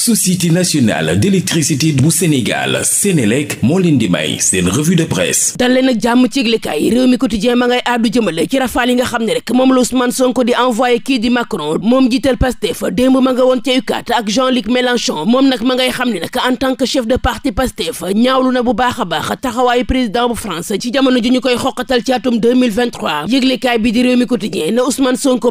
société nationale d'électricité bu Sénégal Sénélec moo di may seen revue de presse dal leen jàmm ci yëglekaay réew mi quotidien ma ngay àddu jëmale ci rafaal yi nga xam ne rek moom la Ousmane Sonko di envoyé kii di Macron moom jiital Pastef démb ma nga woon ca UCAD ak Jean-Luc Mélenchon moom nag ma ngay xam ne nag en tant chef de parti Pastef ñaawlu na bu baax a baax taxawaayu président bu France ci jamono ju ñu koy xoqatal ci atum 2023 mi quotidien ne Ousmane Sonko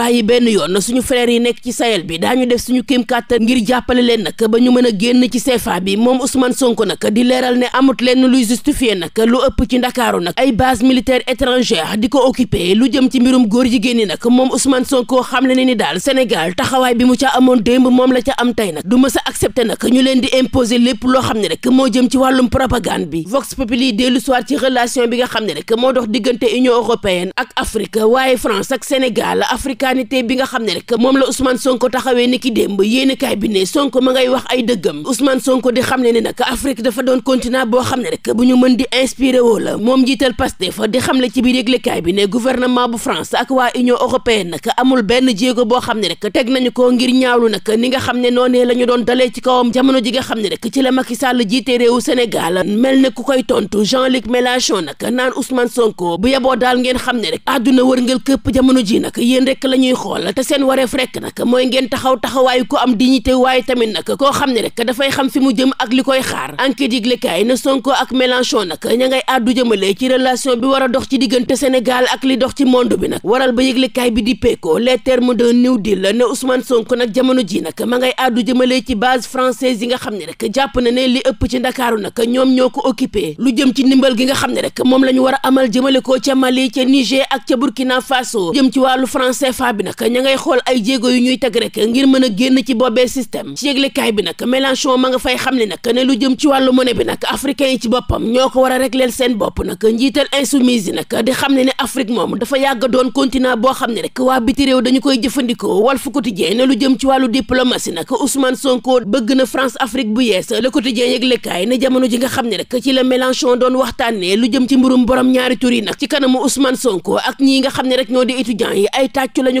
bàyyi benn yoon suñu frère yi nekk ci Sahel bi daañu def suñu kéem kàttan ngir jàppale leen nag ba ñu mën a génn ci CFA bi moom Ousmane Sonko nag di leeral ne amut lenn luy justifier nag lu ëpp ci ndakaaru nag ay base militaire étrangère di ko occupé lu jëm ci mbirum góor jigéen ñi nag moom Ousmane Sonko xam le ne ni daal Sénégal taxawaay bi mu ca amoon démb moom la ca am tey nag du mës a accepté nag ñu leen di imposer lépp loo xam ne rek moo jëm ci wàllum propagande bi Vox Populi dellu soir ci relation bi nga xam ne rek moo dox diggante Union européenne ak Afrique waaye France ak Sénégal spontanéité bi nga xam ne rek moom la Ousmane Sonko taxawee ni ki démb yéenekaay bi ne Sonko ma ngay wax ay dëggam Ousmane Sonko di xam ne ne nag Afrique dafa doon continent boo xam ne rek bu ñu mën di inspiré woo la moom jiital Pastef di xam la ci biir yëglekaay bi ne gouvernement bu France ak waa Union européenne nag amul benn jéego boo xam ne rek teg nañu ko ngir ñaawlu nag ni nga xam ne noonee la ñu doon dalee ci kawam jamono ji nga xam ne rek ci la Macky sàll jiite réewu Sénégal mel na ku koy tontu Jean-Luc Mélenchon nag naan Ousmane Sonko bu yeboo daal ngeen xam ne rek àdduna wërngal këpp jamono ji nag yéen rek lañ ñuy xool te seen wareef rek nag mooy ngeen taxaw taxawaayu ko am dignité waaye tamit nag koo xam ne rek dafay xam fi mu jëm ak li koy xaar enquête yëglekaay na Sonko ak Mélenchon nag ña ngay àddu jëmale ci a li dox ci monde bi nag waral ba yëglekaay bi di peeko les termes d'un new deal ne Ousmane Sonko nag jamono ji nag ma ngay àddu jëmale ci base française yi nga xam ne rek jàpp na ne li ëpp ci Ndakaaru nag ñoom ñoo ko occupé lu jëm ci ndimbal gi nga xam ne rek moom la ñu war a amal jëmale ko ca Mali ca Niger ak ca Burkina Faso jëm ci wàllu français fa gouvernement bi nag ña ngay xool ay jéego yu ñuy teg rek ngir mën a génn ci boobee système ci yëglekaay bi nag Mélenchon ma nga fay xam ne nag ne lu jëm ci wàllu monnaie bi nag a régleel Sonko bëgg na France Afrique bu yees Le Quotidien yëglekaay ne jamono ji nga xam ne rek ci la Mélenchon doon waxtaanee lu jëm ci mbirum borom ñaari tur yi ci kanamu Ousmane Sonko ak ñi nga xam ne rek ñoo di étudiants yi ay tàccu lañu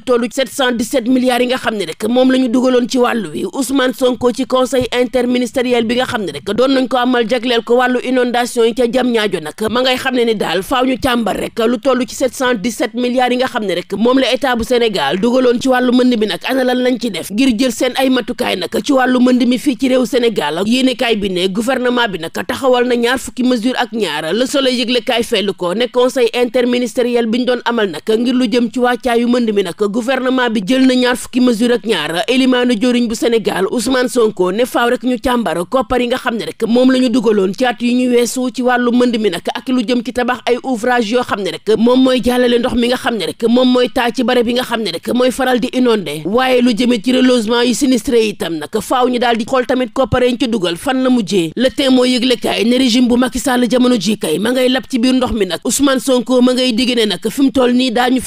lu tollu 717 milliards yi nga xam ne rek moom la ñu dugaloon ci wàllu wi Ousmane Sonko ci conseil interministériel bi nga xam ne rek doon nañ ko amal jagleel ko wàllu inondation yi ca jam ñaajo nag ma ngay xam ne ni daal faaw ñu càmbar rek lu toll ci 717 milliards yi nga xam ne rek moom la état bu Sénégal dugaloon ci wàllu mënd bi nag ana lan lañ ci def ngir jël seen ay matukaay nag ci wàllu mënd mi fii ci réew Sénégal yéenekaay bi ne gouvernement bi nag taxawal na ñaar fukki mesure ak ñaar Le solo yëglekaay fetlu ko ne conseil interministériel bi ñu doon amal nag ngir lu jëm ci wàccaayu mënd mi nag que gouvernement bi jël na ñaar fukki mesure ak ñaar élimaanu joriñ bu Sénégal Ousmane Sonko ne faaw rek ñu càmbar koppar yi nga xam ne rek moom la ñu dugaloon ci at yu ñu weesu ci wàllu mënd mi nag ak lu jëm ci tabax yoo xam ne rek moom mooy jàllale ndox mi nga xam ne rek moom mooy taa ci barab yi nga xam ne rek mooy faral di inondé waaye lu jëmee ci relogement yu sinistré itam nag faaw ñu daal di xool tamit koppar yi ñu ci dugal fan la mujjee le temps moo yëglekaay ne régime bu Macky Sall jamono ji kay ma ngay lab ci biir ndox mi nag Ousmane Sonko ma ngay digg ne nag fi mu toll nii daa ñu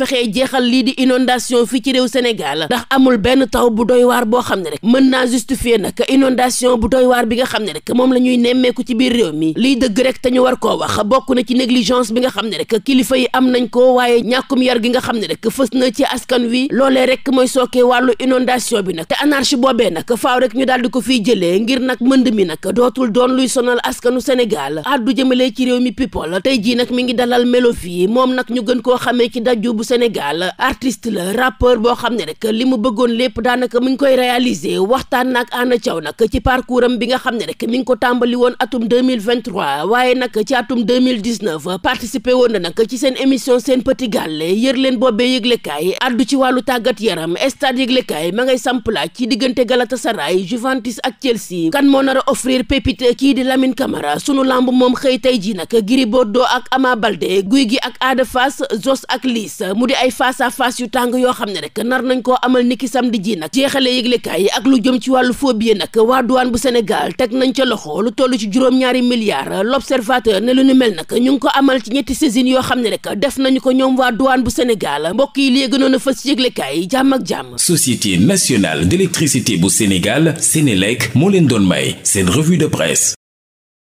inondation fii ci réew Sénégal ndax amul benn taw bu doy waar boo xam ne rek mën naa justifier nag inondation bu doy waar bi nga xam ne rek moom la ñuy nemmeeku ci biir réew mi liy dëgg rek te ñu war koo wax bokk na ci négligence bi nga xam ne rek kilifa yi am nañ ko waaye ñàkkum yar gi nga xam ne rek fës na ci askan wi loolee rek mooy sookee wàllu inondation bi nag te anarchie boobee nag faaw rek ñu daal di ko fiy jëlee ngir nag mënd mi nag dootul doon luy sonal askanu Sénégal addu jëmale ci réew mi people tey jii nag mi ngi dalal melo fii moom nag ñu gën koo xamee ci dajju bu Sénégal artiste la rappeur boo xam ne rek li mu bëggoon lépp daanaka mi ngi koy réaliser waxtaan nag Anna Thiaw nag ci parcours am bi nga xam ne rek mi ngi ko tàmbali woon atum 2023 waaye nag ci atum 2019 participé woon na nag ci seen émission seen petit gàlle yër leen boobee yëglekaay addu ci wàllu tàggat yaram stade yëglekaay ma ngay sampla ci diggante Galatasaray Juventus ak Chelsea kan moo nar a offrir pépite kii di Lamine Camara sunu lamb moom xëy tey ji nag Gris Bordeaux ak Ama Baldé guy gi ak Ada Fass ak Liss mu di ay face à yu tàng yoo xam ne rek nar nañ koo amal niki samedi ji nag jeexale yëglekaay yi ak lu jëm ci wàllu faux billets nag waa douane bu Sénégal teg nañ ca loxo lu toll ci juróom-ñaari milliards l'observateur ne lu ñu mel nag ñu ngi ko amal ci ñetti saisines yoo xam ne rek def nañu ko ñoom waa douane bu Sénégal mbokk yi léegi noonu fas yëglekaay yi jàmm ak jàmm. Société nationale d'électricité bu Sénégal Sénélec moo leen doon may seen revue de presse.